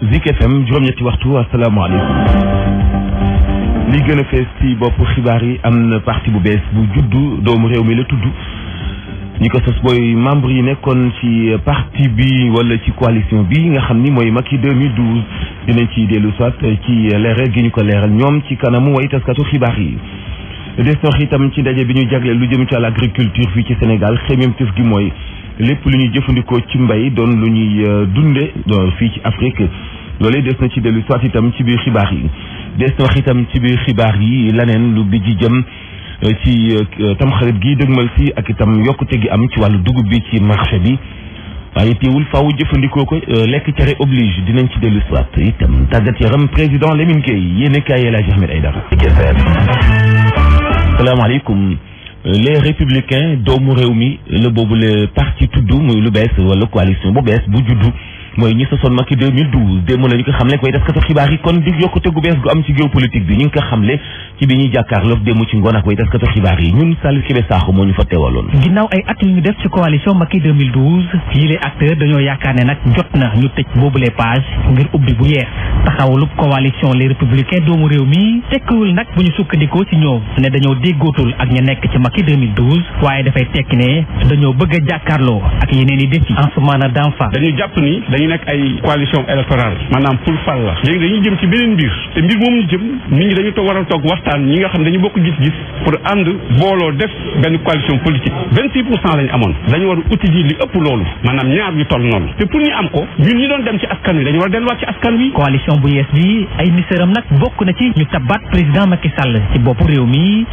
Zik FM waxtu ñetti waxtu li gën a fees ci bopp xibaar yi am na parti bu bees bu juddu doomu réew mi la tudd ñi ko sos booy membre yi nekkoon ci parti bi wala ci coalition bi nga xam ni mooy Macky 2012 dinañ ci dellu soit ci leeral gi ñu ko leeral ñoom ci kanamu way taskatu xibaar yi. des sox itam ci dajé bi ñu jagleel lu jëm ci wàllu agriculture fii ci Sénégal xemmeemteef gi mooy lépp lu ñuy jëfëndiko ci mbay doon lu ñuy euh, dunde euh, fi ci Afrique lolé des na ci délu soit itam ci biir xibaar yi des wax itam ci biir xibaar yi laneen lu bi ji jëm euh, ci tam xarit gi dëgmal si ak itam yokkute gi am ci walu dugub bi ci marché bi waaye téwul faaw jëfëndiko ko lekk cere oblige dinañ ci délu soit itam tagat yaram président Lamine Gueye yene a kaay El Hadji Ahmed Aïdara comme les républicains do réew le le le parti tout le lu le wala coalition bu Boudjoudou, bu mooy ñi sosoon Macky 2012 démb la ñu ko xam ne koy taskatu xibaar yi kon di yokkute gu bees gu am ci géopolitique bi ñu ngi ko xam ne ci bi ñu a jàkkaarloo ak yeneen i défi en a moment d'enfant dañu jàpp dañuy nekk ay coalition électorale maanaam pour fal la léegi dañuy jëm ci beneen mbir te mbir moom ñu jëm nit ñi dañu toog war a toog waxtaan ñi nga xam dañu bokk gis-gis pour ànd booloo def benn coalition politique vingt six pour cent lañu amoon dañu war a uti ji li ëpp loolu maanaam ñaar yu toll noonu te pour ñu am ko ñun ñi doon dem ci askan wi dañu war a delluwaat ci askan wi coalition bu yees bi ay misëram nag bokk na ci ñu tabaat président Macky Sall ci bopp réew mi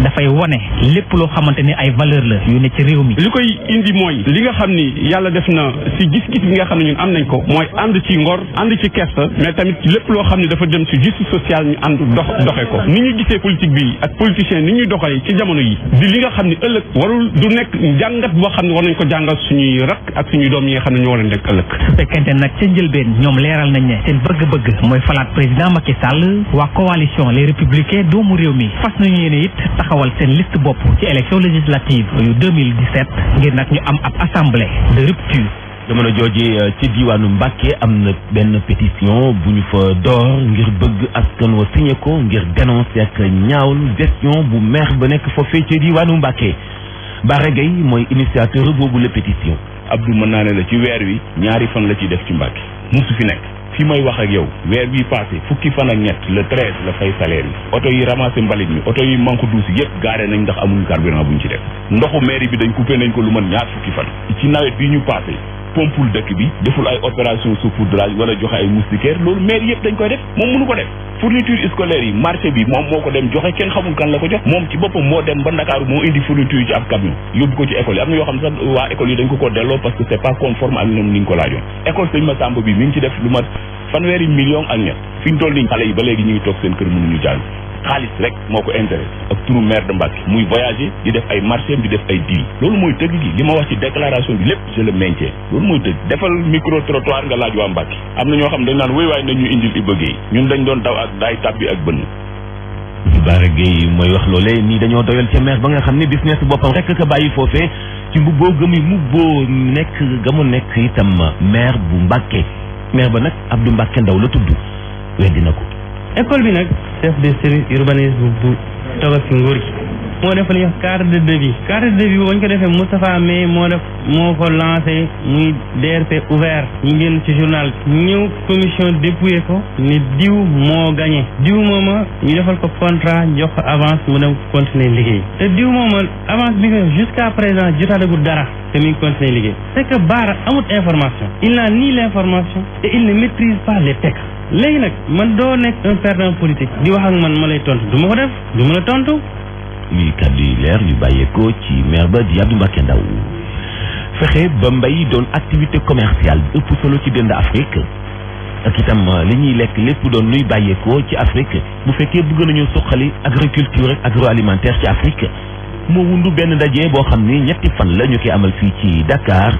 a a lépp loo xamante ni ay valeur la yu ne ci réew mi li koy indi mooy li nga xam ni yàlla def na si gis-gis bi nga xam ne ñun am nañ ko mooy ànd ci ngor ànd ci kersa mais tamit lépp loo xam ne dafa dem si justice sociale ñu ànd dox doxe ko ni ñu gisee politique bi ak politicien ni ñuy doxalee ci jamono yi di li nga xam ne ëllëg warul du nekk jàngat boo xam ne war nañ ko jàngal suñuy rak ak suñuy doom yi nga xam ne ñoo war a nekk ëllëg su fekkente nag ca njëlbeen ñoom nañ ne seen bëgg-bëgg mooy falaat président Macky Sall waa coalition les républicains doomu réew mi liste bop ci élection législative yu 2017 ngir nak ñu am ab assemblée de rupture. jamono jooje euh, ci diwanu Mbàkke amna ben pétition bu fa door ngir bëgg askan wa signé ko ngir dénoncer ak ñaawlu gestion bu maire ba nekk foofee ci diwanu Mbàkke Bara Gaye moy initiateur bobu le pétition. Abdou Manane la ci weer wi ñaari fan la ci def ci Mbàkke musu fi nek fi may wax ak yow weer bii passé fukki fan ak ñett la treize la fay salaire yi oto yi ramassé mbalit mi oto yi du duus yëpp gaare nañ ndax amuñu carburant buñ ci def ndoxu mairie bi dañ coupé nañ ko lu mën ñaar fukki fan ci nawet bi ñu passé pompul dëkk bi deful ay opération saupoudrage wala joxe ay moustiquaire loolu maire yëpp dañ koy def moom mënu ko def fourniture scolaire yi marché bi moom moo ko dem joxe kenn xamul kan la ko jox moom ci boppam moo dem ba Ndakaaru moo indi fourniture yi ci ab camion yóbbu ko ci école yi am na yoo xam sax waa école yi dañ ko ko delloo parce que c'est pas conforme ak ñoom ni ko laajoon école sëñ Massamba bi mi ngi ci def lu mat fanweeri million ak ñett fi ñu toll nii xale yi ba léegi ñu ngi toog seen kër mënuñu jàng xaalis rek moo ko intérêt ak turu maire de Mbacké muy voyager di def ay marché di def ay deal loolu mooy dëgg gi li ma wax ci déclaration bi lépp je le maintiens loolu mooy dëgg defal micro trottoir nga laaj waa Mbacké am na ñoo xam ne dañ naan wéy waay nañ ñu indil i bëggee ñun dañ doon daw ak daay tàbbi ak bënn Bara Gueye mooy wax loolee nii dañoo doyal ca ba nga xam ne business boppam rek ka bàyyi foofee ci mbubboo gëm yi mbubboo nekk ga mu nekk itam maire bu Mbacké maire ba nag Abdou Mbacke Ndaw la école chef de service urbanisme bu Je carte de devis. carte de devis, ko Moustapha mo def moko lancé DRP ouvert ñu ci journal ñëw commission dépouillé ni diw mo gagné diw moma ñu defal ko contrat avance mu dem continuer liggéey te diw moma avance bi jusqu'à présent dara te mi ngi continuer liggéey c'est que Baara amut information il n'a ni l'information et il ne maîtrise pas les textes léegi nag man doo nekk un perdant politique di wax ak man ma lay tontu du ma ko def du ma la tontu. lii kàddu yi leer yu bàyyeekoo ci maire ba di Abdou Mbacké Ndaw ba mbay doon activité commerciale bi ëpp solo ci dënd Afrique ak itam euh, li ñuy lekk lépp doon luy bàyyeekoo ci Afrique bu fekkee bëgg nañoo suqali agriculture agroalimentaire ci Afrique. moo wundu benn ndaje boo xam ni ñetti fan la ñu koy amal fii ci Dakar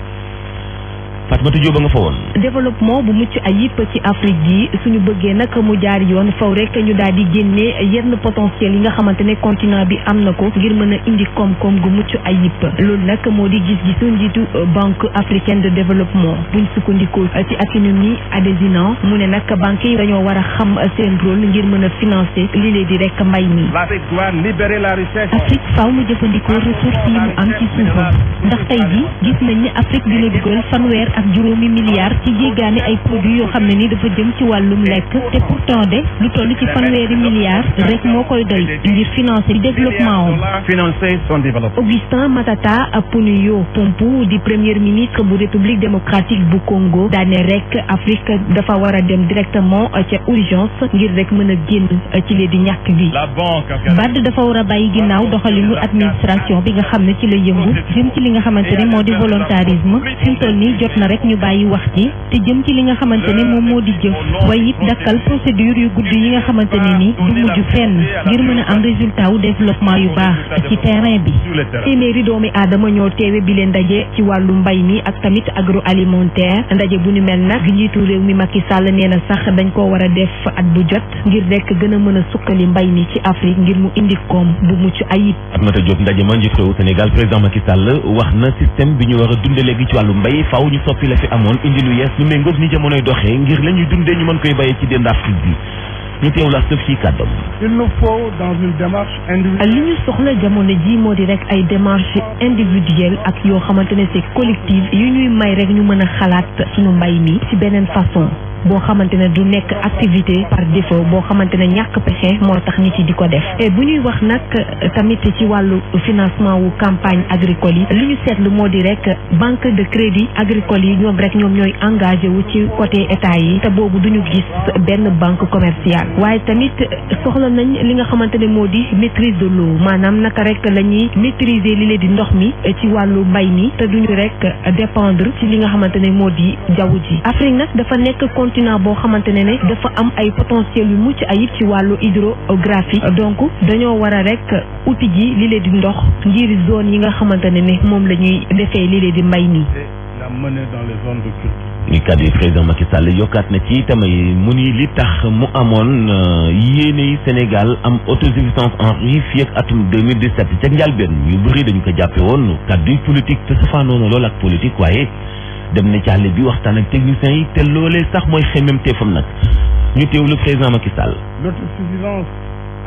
Fatmata Diop ba nga fa woon. développement bu mucc ayib ci Afrique gi suñu bëggee nag mu jaar yoon faw rek ñu daal di génnee yenn potentiel yi nga xamante ne continent bi am na ko ngir mën a indi koom-koom gu mucc ayib loolu nag moo di gis-gisu njiitu euh, banque africaine de développement buñ sukkandikoo euh, ci Akinwumi Adesina mu ne nag banque yi dañoo war a xam euh, seen rôle ngir mën a financer li di rek mbay mi. Afrique faaw mu jëfandikoo ressources yi mu am ci suufam ndax tey ak juróomi milliards ci jéggaani ay produits yoo xam ne ni dafa jëm ci wàllum lekk te pourtant de lu toll ci fanweeri milliards rek moo koy doy ngir financer développement am Augustin Matata Aponeyo Pompo di premier ministre bu république démocratique bu Congo daane rek Afrique dafa war a dem directement ca urgence ngir rek mën a génn ci lee di ñàkk bi BAD dafa war a bàyyi ginnaaw doxalinu administration bi nga xam ne ci la yëngu jëm ci li nga xamante ni moo di volontarisme fi mu rek ñu bàyyi wax ci te jëm ci li nga xamante ne moom moo di jëf waaye it dakkal procédure yu guddi yi nga xamante ne ni du mujj fenn ngir mën a am résultat wu développement yu baax ci terrain bi. téeméeri doomi aadama ñoo teewe bi leen ndaje ci wàllu mbay mi ak tamit agro alimentaire ndaje bu nu mel nag njiitu réew mi Macky Sall nee na sax dañ koo war a def at bu jot ngir rekk gën a mën a sukkali mbay mi ci Afrique ngir mu indi koom bu mucc ayib. Atmata Diop ndaje ma njiitu réew Sénégal président Macky Sall ñu war a dundee léegi ci wàllu mbay fi la fi amone indi lu yes ñu méngoog ni jamonoy doxé ngir la dundé ñu mën koy bayé ci dend Afrique bi ñu téw la sëf ci kàddam. il nous faut dans une démarche individuelle. li ñu soxla jamono ji moo di rek ay démarches individuelles ak yo xamante c'est collective yu ñuy may rek ñu mëna xalaat suñu mbay mi ci benen façon. boo xamante ne du nekk activité par défaut boo xamante ne ñàkk pexe moo tax nit yi di ko def et bu ñuy wax nag euh, tamit ci wàllu financement wu campagne agricole yi li ñu seetlu moo di rek banque de crédit agricole yi ñoom rek ñoom ñooy engagé wu ci côté état yi te boobu du ñu gis benn banque commerciale waaye tamit euh, soxla nañ li nga xamante ne moo di maîtrise de l'eau maanaam naka rek la ñuy maîtriser li leen di ndox mi euh, ci wàllu mbay mi te du ñu rek dépendre ci li nga xamante ne moo di jaww ji continent boo xamante ne ne dafa am ay potentiel yu mucc ayib ci wàllu hydrographie donc dañoo war rek outil ji li lee di ndox ngir zone yi nga xamante ne ne moom la ñuy defee li lee di mbay nii muy kàddu yi président Macky Sall yokkaat na ci tamay mu ni li tax mu amoon euh, yéeney Sénégal am autosuffisance en riz fii ak atum 2017 ca njëlbéen ñu bëri dañu ko jàppe woon kàddu yi politique te safaanoona lool ak politique waaye Demne chale biwak tanak teknisyen yi, tel lo le, sak mwen yi chen menmte fon nat. Nyote ou lup rezan maki sal.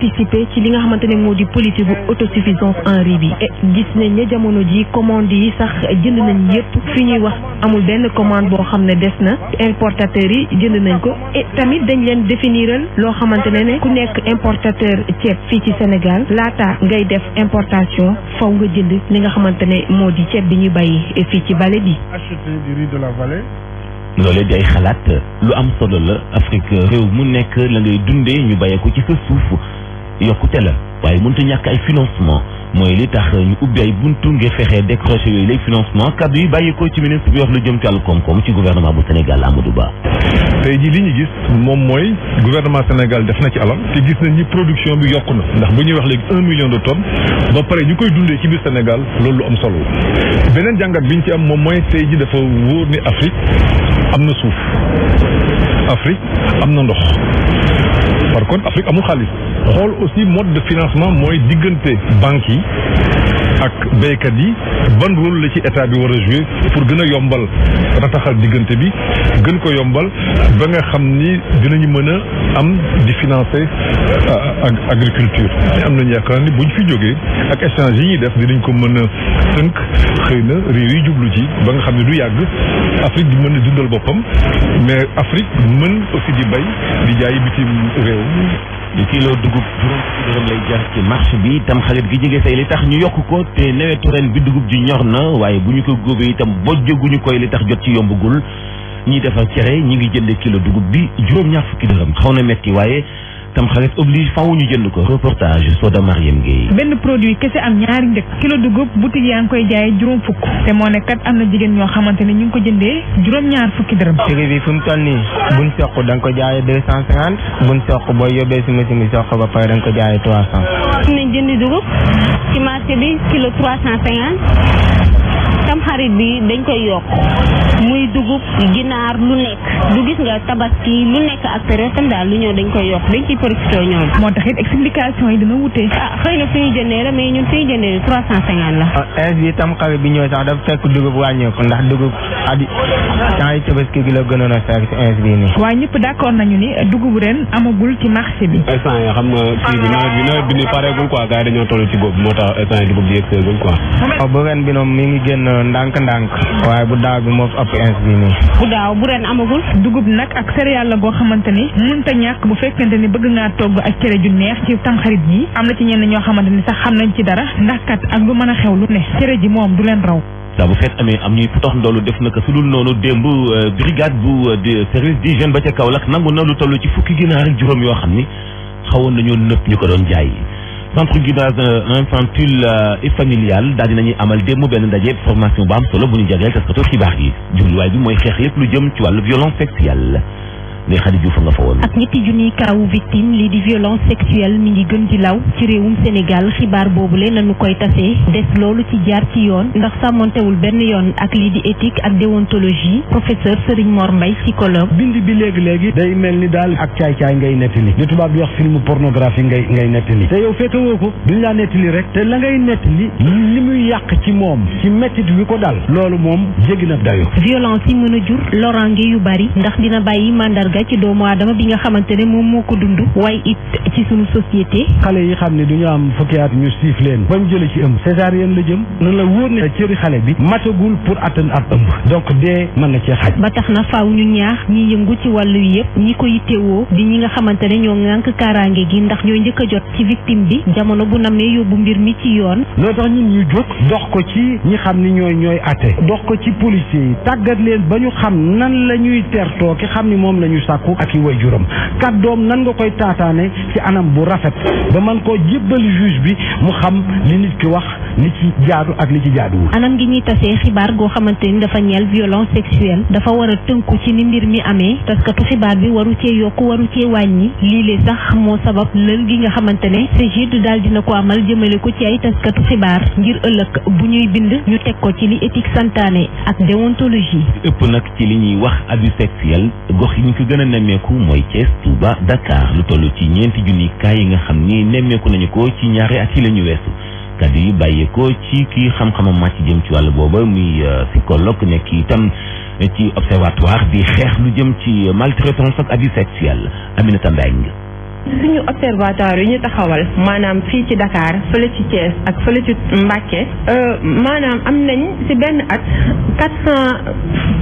participer ci li nga xamante ne moo di politique bu autosuffisance en riz bi eh, gis nañ ne jamono ji commande yi sax jënd nañ yëpp fi ñuy wax amul benn commande boo xam ne des na importateurs yi jënd nañ ko et eh, tamit dañ leen définiral loo xamante ne ne ku nekk importateur ceeb fii ci Sénégal laata ngay def importation faw nga jënd li nga xamante ne moo di ceeb bi ñuy bàyyi fii ci vallée bi loolee di ay xalaat lu am solo la Afrique réew mu nekk la ngay dundee ñu bàyyee ci yokkute la waye mënut ñak ay financement moy li tax ñu ubbi ay buntu nge fexé décrocher yooyu lay financement kaddu yi bayiko ci ministre bi wax lu jëm ci wàllu kom ci gouvernement bu Sénégal Amadou Ba. tay ji li ñu gis mom moy gouvernement Sénégal def na ci alam ci gis nañ ni production bi yokku na ndax bu ñuy wax léegi 1 million de tonnes ba paré ñukoy dundé ci biir Sénégal loolu lu am solo benen jangat biñ ci am mom moy tay ji dafa woor ni Afrique amna na Afrique amna ndox par contre Afrique amu xaalis xool aussi mode de financement mooy diggante banques yi ak béykat yi ban rôle la ci état bi war a pour gën a yombal rataxal diggante bi gën ko yombal ba nga xam ni dinañu mën a am di financer euh, agriculture am nañu yaakaar ni buñ fi jógee ak échange yi ñuy def dinañ ko mën a tënk xëy na réew yi jublu ci ba nga xam ne du yàgg Afrique di mën a dundal boppam mais Afrique mën aussi di bay di jaay bitim réew lu kilo dugub juróom fukki dërëm lay jar ci marché bi itam xarit gi jege say li tax ñu yokk ko te nawetu ren bi dugub ji ñor na waaye bu ñu ko góobee itam bojjaguñu koy li tax jot ci yombagul ñiy defar cere ñi ngi jënd kilo dugub bi juróom-ñaar fukki dërëm xaw na metti waaye tam xarit oblige faw ñu jënd ko reportage Soda Mariam Gueye benn produit kese am ñaari njëkk kilo dugub boutique yaa ngi koy jaayee juróom fukk te moo ne am na jigéen ñoo xamante ne ñu ngi ko jëndee juróom ñaar fukki dërëm mu toll buñ soq da nga ko jaayee deux cent cinquante buñ soq booy yóbbee si machine bi soq ba pare da ko jaayee trois cent nañ jënd dugub bi kilo trois cent cinquante tamxarit bi dañ koy yokk muy dugub ginaar lu nekk du gis nga tabaski lu nekk ak restam daal lu ñëw dañ koy yokk dañ ciy profité ñoom. moo tax it explication ah, na fi ñu jëndee bi ah, tam xarit bi ñëw sax dafa fekk dugub wàññeeku ndax dugub adi temps yi tabaski gi la gënoon a fekk si ins bii nii. waaye ñëpp d'accord nañu ni dugub ren amagul ci marché bi. instant yi xam nga kii bi nawet bi nawet bi ni ko quoi gars yi dañoo toll ci góob moo tax instant yi dugub bi yegg seegul quoi. Ah, génn ndànk-ndànk waaye bu daaw bi moo fi ëpp inch bi nii bu daaw bu ren amagul dugub nag ak céréale la goo xamante ni munta ñàkk bu fekkente ni bëgg ngaa togg ak cere ju neex ci tamxarit yi am na ci ñenn ñoo xamante ni sax xam nañ ci dara ndax kat ak lu mën a xew lu ne cere ji moom du leen raw waaw bu feet amee am ñuy tox ndoolu def naka su dul noonu démb euh, brigade bu euh, service d'hygiène ba ca Kaolack nangu na lu toll ci fukki ginaar ak juróom yoo xam ni xawoon nañoo nëpp ñu ko doon jaay centre guidage euh, infantile euh, et familial dal dinañuy amal démb ben ndaje formation bam solo bu ñu jagleel taskatu xibaar yi way bi moy xex lépp lu jëm ci walu violence sexuelle ndey xadi Diouf nga fa woon. ak ñetti junniy kaawu victime lii di violence sexuelle mi ngi gën di law ci réewum Sénégal xibaar boobule nañu koy tasee des loolu ci jaar ci yoon ndax sàmmontewul benn yoon ak lii di éthique ak déontologie professeur Serigne Mor Mbaye psychologue. bind bi léegi léegi. day mel ni daal ak caay-caay ngay nettali. li tubaab di wax film pornographie ngay ngay nettali. te yow fekkewoo ko duñ laa nettali rek. te la ngay nettali li muy yàq ci moom. ci mettit wi ko dal. loolu moom jéggi na dayo. violence yi mën a jur mandarga ci doomu aadama bi nga xamante ne moom moo ko dund waaye it ci sunu société xale yi xam ne du am fukki at ñu siif leen ba mu jële ci ëmb césarienne la jëm na la wóor ne cëri xale bi matagul pour attan ab ëmb donc dee mën na cee xaj ba tax na faaw ñu ñaax ñi yëngu ci wàllu yëpp ñi ko yittewoo di ñi nga xamante ne ñoo ŋànk kaaraange gi ndax ñoo njëkk a jot ci victime bi jamono bu namee yóbbu mbir mi ci yoon loo tax ñun ñu jóg dox ko ci ñi xam ni ñooy ñooy atte dox ko ci policiers yi leen ba ñu xam nan la ñuy tertoo ki xam ni moom lañu ñu sàkku ak i way juram kàddoom nan nga koy taataane ci anam bu rafet ba man koo jébbal juge bi mu xam li nit ki wax li ci jaadu ak li ci jaaduwul. anam gi ñuy tasee xibaar goo xamante ni dafa ñeel violence sexuelle dafa war a tënku ci ni mbir mi amee taskatu xibaar bi waru cee yokku waru cee wàññi lii lee sax moo sabab lël gi nga xamante ne CGID daal dina ko amal jëmale ko ci ay taskatu xibaar ngir ëllëg bu ñuy bind ñu teg ko ci li éthique santaane ak déontologie. ëpp nag ci li ñuy wax abus sexuel gox yi ñu ko gën a nemmeeku mooy Thiès Touba Dakar lu toll ci ñeenti junni kaay yi nga xam ni nemmeeku nañu ko ci ñaari at yi la ñu weesu. jàngkat yi bàyyeekoo ci kii xam-xamam màcc jëm ci wàll booba muy euh, psychologue nekk itam ci observatoire di xeex lu jëm ci maltraitance ak abus sexuel Aminata Mbengue suñu observatoire yi ñu taxawal maanaam fii ci Dakar fële ci Thiès ak fële ci Mbacké euh, maanaam am nañ ci benn ak quatre cent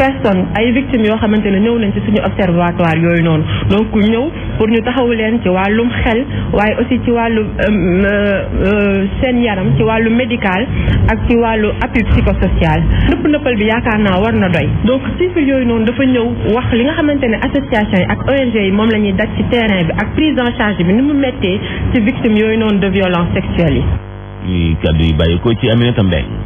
personnes ay victimes yoo xamante ne ñëw nañ ci suñu observatoire yooyu noonu donc ñëw pour ñu taxawu leen ci wàllum xel waaye aussi ci wàllu euh, euh, seen yaram ci wàllu médical ak ci wàllu appui psychosocial nëpp nëppal bi yaakaar naa war na doy donc chiffres yooyu noonu dafa ñëw wax li nga xamante ne association yi ak ONG yi moom la ñuy daj ci bi ak sajib. Nou mou mette, se vik se myon yon de violans seksualist. E kabou yi bade kouti, amen yo tamben.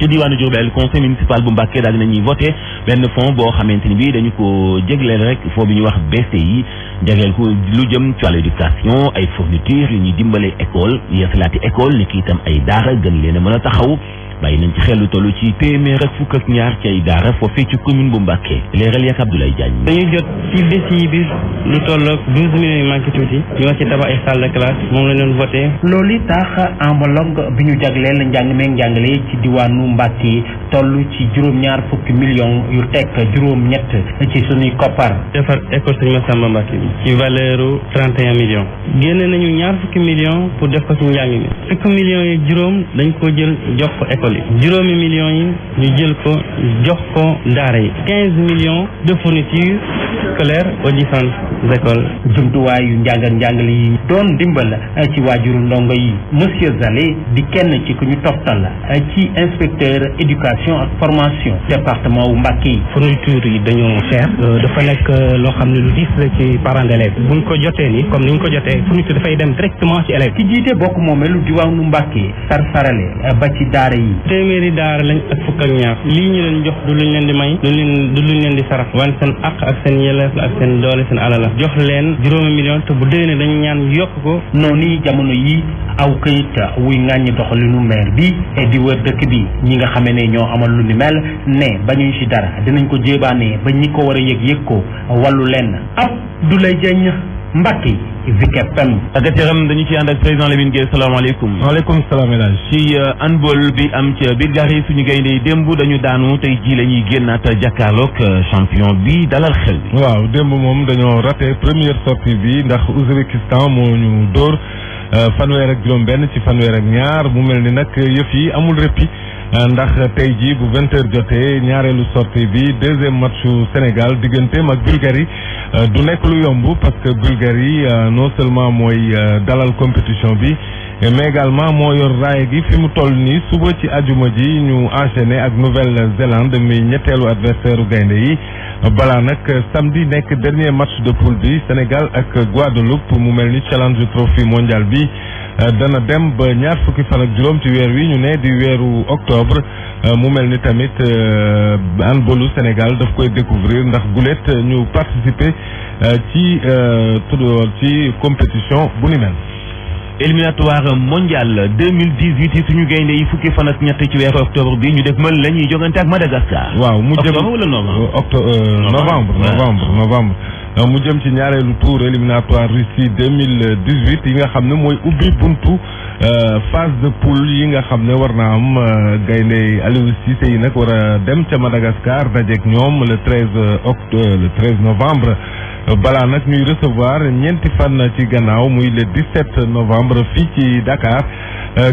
ci diwaanu Diourbel conseil municipal bu Mbàkke daal dinañuy voté benn fonds boo xamante ni bi dañu ko jégleel rek fond bi ñuy wax BCI jagleel ko lu jëm ci wàllu éducation ay fourniture yu ñuy dimbale école yeesalaati école ni ki itam ay daara gën leen a mën a taxaw bàyyi nañ ci xel lu toll ci téeméer ak fukk ak ñaar ci ay daara foofee ci commune bu Mbàkke leeral yak Abdoulaye Diagne dañuy jot ci BCI bi lu tolloog douze millions yu manqué tuuti ñu wax ci tabax ay salle de classe moom la doon voté loolu tax doomu mbàtt yi toll ci juróom-ñaar fukki millions yu teg juróom-ñett ci suñuy koppar. defar école sëñ Massamba Mbacké ci valeur u 31 million génne nañu ñaar fukki million pour def ko ci njàng mi. fukki millions yi juróom dañ ko jël jox ko école yi. juróomi millions yi ñu jël ko jox ko daara yi. 15 de fourniture scolaire au distance. école jumtuwaay yu njàngal njàngale yi doon dimbal eh, ci waajuru ndongo yi monsieur Zale di kenn ci ku ñu toftal eh, ci inspecteur éducation ak formation département wu Mbàkke yi fourniture yi dañoo cher euh, dafa nekk euh, loo xam ne lu diis la ci parents d'élèves buñ ko jotee ni comme ni ñu ko jotee fourniture dafay dem directement ci élèves ki jiite bokk moomeelu diwaanu Mbàkke sar sarale eh, ba ci daara yi téeméeri daara lañ ak fukk ak ñaar lii ñu leen jox du luñ di may du luñ leen di sarax la jox leen juróomi million te bu déwénee dañu ñaan yokk ko noonu yi jamono yi aw këyit wuy ŋàññi doxalinu maire bi et dëkk bi ñi nga xamee ne ñoo amal lu ni mel ne bañuñ ci dara dinañ ko jéebaane ba ñi ko war a yëg yëg ko wàllu leen ab du lay jeñ mbàkk yi Zik FM ak yaram dañu ci ànd ak président Lamine Gueye salaamaaleykum waaleykum salaam El Hadj ci euh, handball bi am ca biir gaar yi suñu gaynde yi démb dañu daanu tey ji la ñuy génnaat jàkkaarloog euh, champion bi dalal xel waaw démb moom dañoo raté première sortie bi ndax Ouzbékistan moo ñu dóor euh, fanweer ak juróom benn ci fanweer ak ñaar mu mel ni nag yëf yi amul réppi ndax tey jii bu 20 heures jotee ñaareelu sortie bi deuxième match Sénégal digganteem ak Bulgarie euh, du nekk lu yomb parce que Bulgarie euh, non seulement mooy euh, dalal compétition bi mais également moo yor raay gi fi mu toll nii suba ci ajuma ji ñu enchaîné ak Nouvelle-Zélande mais ñetteelu adversaire u gaynde yi balaa nag samedi nekk dernier match de poule bi Sénégal ak Guadeloupe mu mel ni challenge trophy mondial bi euh, dana dem ba ñaar fukki fan ak juróom ci weer wi ñu ne di weeru octobre euh, mu mel ni tamit euh, handballu Sénégal daf koy découvrir ndax gulet ñu participer ci tudd ci compétition bu ni mel. éliminatoire mondial 2018 yi suñu gaynde yi fukki fan ak ñett ci weeru octobre bi ñu def mën lañuy ñuy jogante ak Madagascar. waaw mu jëm octobre wala novembre. novembre novembre novembre. Euh, mu jëm ci ñaareelu tour éliminatoire Russie deux mille dix huit yi nga xam ne mooy ubbi buntu euh, phase de poule yi nga xam ne war naa am euh, gaynde Aliou Cissé yi nag war a dem ca Madagascar dajeek ñoom le treize oct le novembre. balaa nag ñuy recevoir ñeenti fan ci gannaaw muy le 17 novembre fii ci Dakar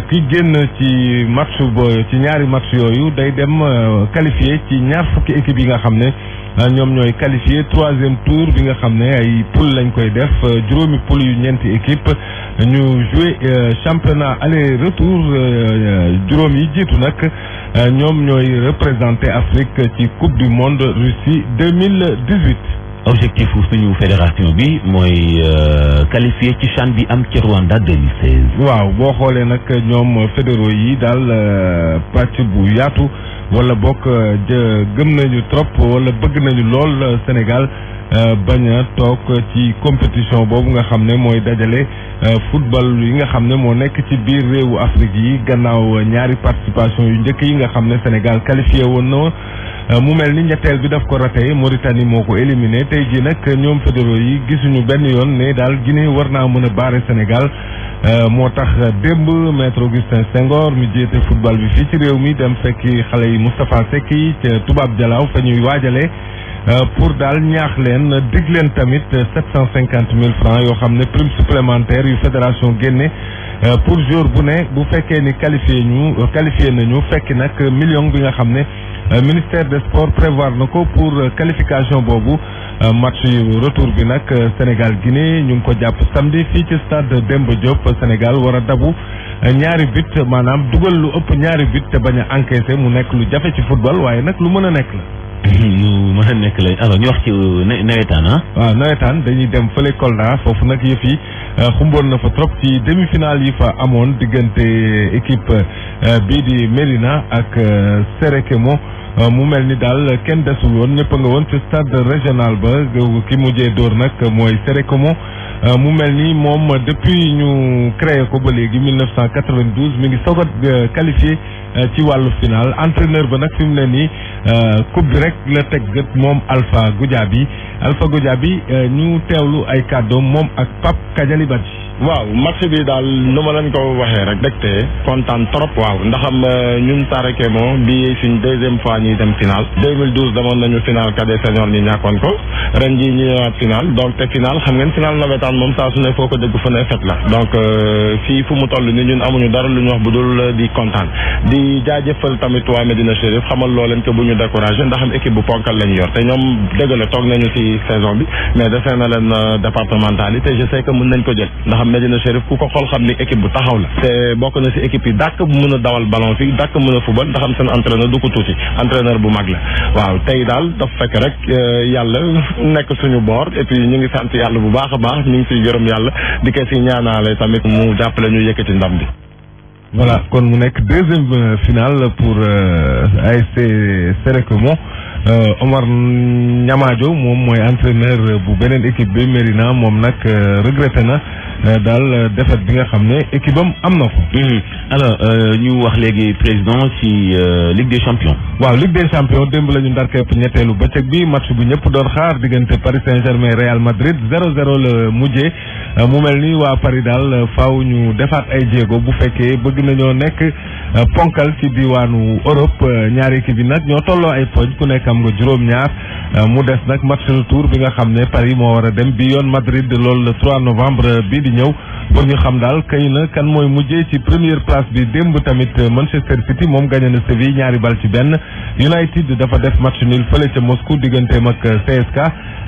ki génn ci match bo ci ñaari match yooyu day dem qualifié ci ñaar fukki équipe yi nga xam ne. Nous ah, sommes qualifié troisième tour bi nga à ay poule lañ koy def euh, juroomi poule yu ñent équipe ñu joué euh, championnat aller retour euh, juroomi jitu nak ñom ñoy représenter Afrique ci coupe du monde Russie 2018 objectif suñu fédération bi mooy euh, qualifié ci CHAN bi am ci Rwanda waaw boo xoolee nag ñoom fédéraux yi daal euh, pàcc bu yaatu wala bokk euh, gëm nañu trop wala bëgg nañu lool Sénégal bañ a toog ci compétition boobu nga xam ne mooy dajale football yi nga xam ne moo nekk ci biir réewu Afrique yi gannaaw ñaari participation yu njëkk yi nga xam ne Sénégal qualifié woon na. Euh, mu mel ni ñetteel bi daf ko raté Mauritanie moo ko éliminé tey jii nag ñoom fédéraux yi gisuñu benn yoon ne daal Guinée war naa mën a baare Sénégal euh, moo tax démb maître Augustin Senghor mi jiite football bi fii ci réew mi dem fekki xale yi Moustapha Seck yi ca Toubab Jalaaw fa ñuy waajalee Euh, pour Dal, ñaax leen tamit sept cent francs yoo xam prime supplémentaire yu fédération génne euh, pour jour bu ne bu ni qualifié ñu qualifié nañu million bi nga Le euh, ministère des sports prévoit pour qualification boobu match de retour bi Sénégal Guinée ñu ko jàpp samedi fii ci stade Demba Diop Sénégal war a dabu ñaari but maanaam dugal lu ëpp ñaari but te bañ a mu nekk lu jafe ci football waaye nag lu nekk la lu mën a nekk lañ alors ñu wax ci euh, nawetaan ah. waaw nawetaan dañuy dem fële Kolda foofu nag yëf yi euh, xumboon na fa trop ci demi-finale yi fa amoon diggante euh, équipe bii di Medina ak Serekemo Euh, mu mel ni daal kenn desul woon ñëpp nga woon ci stade régional ba euh, ki mujjee dóor nag mooy Sérékomo euh, mu mel ni moom depuis ñu créé ko ba léegi 1992 mi ngi soog a qualifié ci wàllu final entraîneur ba nag fi mu ne nii coupe bi rek la teg gët moom Alpha Goudiaby Alpha Goudiaby ñu teewlu ay kàddoom moom ak Pape Kadiali waaw match bi daal nu ma leen ko waxee rek dégtee kontaan trop waaw ndaxam euh, ñun Taraké moom bii suñ deuxième fois ñuy dem final 2012 demoon nañu final cadet senior ñi ñàkkoon ko ren jii ñu ñëwaat final donc te final xam ngeen final nawetaan moom saa su ne foo ko dégg fu ne fet la donc euh, fu mu toll ni ñun amuñu dara lu ñu wax bu dul euh, di kontaan di jaajëfal tamit waa Medina Chérif xamal loo leen ko bu ñu découragé ndaxam équipe bu ponkal lañu yor te ñoom dëgg toog nañu ci saison bi mais defee na leen départemental yi te je sais mën nañ ko jël ndax xam Medina Chérif ku ko xool xam ni équipe bu taxaw la te bokk na si équipe yi dàkk bu mën a dawal ballon fii dàkk mën a fubal ndax am seen entraîneur du ko tuuti entraîneur bu mag la waaw tey daal daf fekk rek euh, yàlla nekk suñu boor et puis ñu ngi sant yàlla bu baax a baax ñu ngi siy gërëm yàlla di ko si ñaanaale tamit mu jàppale ñu yëkkati ndam bi voilà kon mu nekk deuxième euh, finale pour euh, ASC Serecomon Euh, Omar Niamaajo moom mooy entraîneur bu benen équipe bi Merina mom nak euh, regretté na euh, dal défaite bi nga xamné équipe am am mhm. alors ñu wax légui président ci Ligue des champions. waaw Ligue des champions démb la ñu ndar képp ñettelu bëccëg bi match bi ñëpp doon xaar diggante Paris Saint-Germain Real Madrid 0-0 le mujjé mu melni wa Paris dal faaw ñu defaat ay jéego bu féké bëgg nañu nek ponkal ci diwaanu Europe ñaari équipe bi nak ño tollo ay poñ ku nekk. am nga juróom-ñaar euh, mu des nag match retour bi nga xam ne Paris moo war a dem bi yoon Madrid loolu le 3 novembre bi di ñëw pour ñu xam daal kay na kan mooy mujjee ci première place bi démb tamit euh, Manchester City moom gagné na Séville ñaari bal ci benn United dafa def match nul fële ca Moscou digganteem ak euh, CSK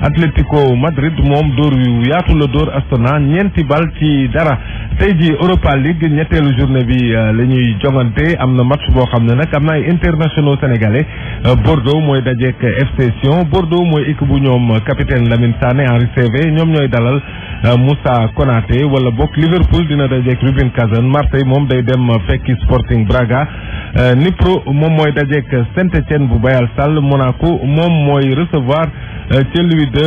Atlético Madrid moom dóor yu yaatu la dóor Astana ñeenti bal ci dara tey ji Europa League ñetteelu journée bi la ñuy jongante am na match boo xam ne nag am na ay internationaux sénégalais dajeek FC Sion Bordeaux mooy équipe bu ñoom capitaine Lamine Sané Henri Saivet ñoom ñooy dalal euh, Moussa Konaté wala bokk Liverpool dina dajeek Rubin Kazan Marseille moom day dem fekki Sporting Braga euh, Nipro moom mooy dajeek Saint-Étienne bu Bayal Sall Monaco moom mooy recevoir ca Louis de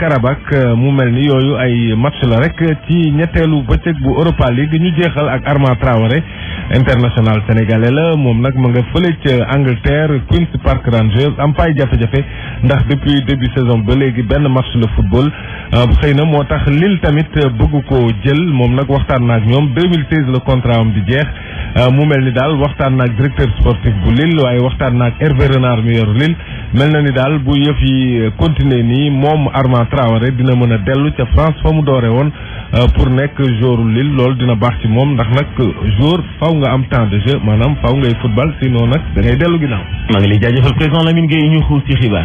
Karabakh euh, mu mel ni yooyu ay match la rek ci ñetteelu bëccëg bu Europa League ñu jeexal ak Arma international sénégalais la moom nag ma nga fële ca Angleterre Queen's Park Rangers am paay jafe-jafe ndax depuis début saison ba léegi benn match la football euh, xëy na moo tax Lille tamit euh, bëgg ko jël moom nag waxtaan naak ñoom 2016 la contrat am di jeex euh, mu mel ni daal waxtaan naa naak directeur sportif bu Lille waaye waxtaan naa Hervé Renard mi yor Lille mel na ni daal bu yëf yi continuer nii moom Armand Traoré dina mën a dellu ca France fa mu doore woon Euh, pour nekk joueur Lille loolu dina baax ci moom ndax nag joueur faw nga am temps de jeu maanaam faw ngay football sinon nag da ngay dellu ginnaaw. maa ngi lay jaajëfal président Lamine Gueye ñu xuus ci xibaar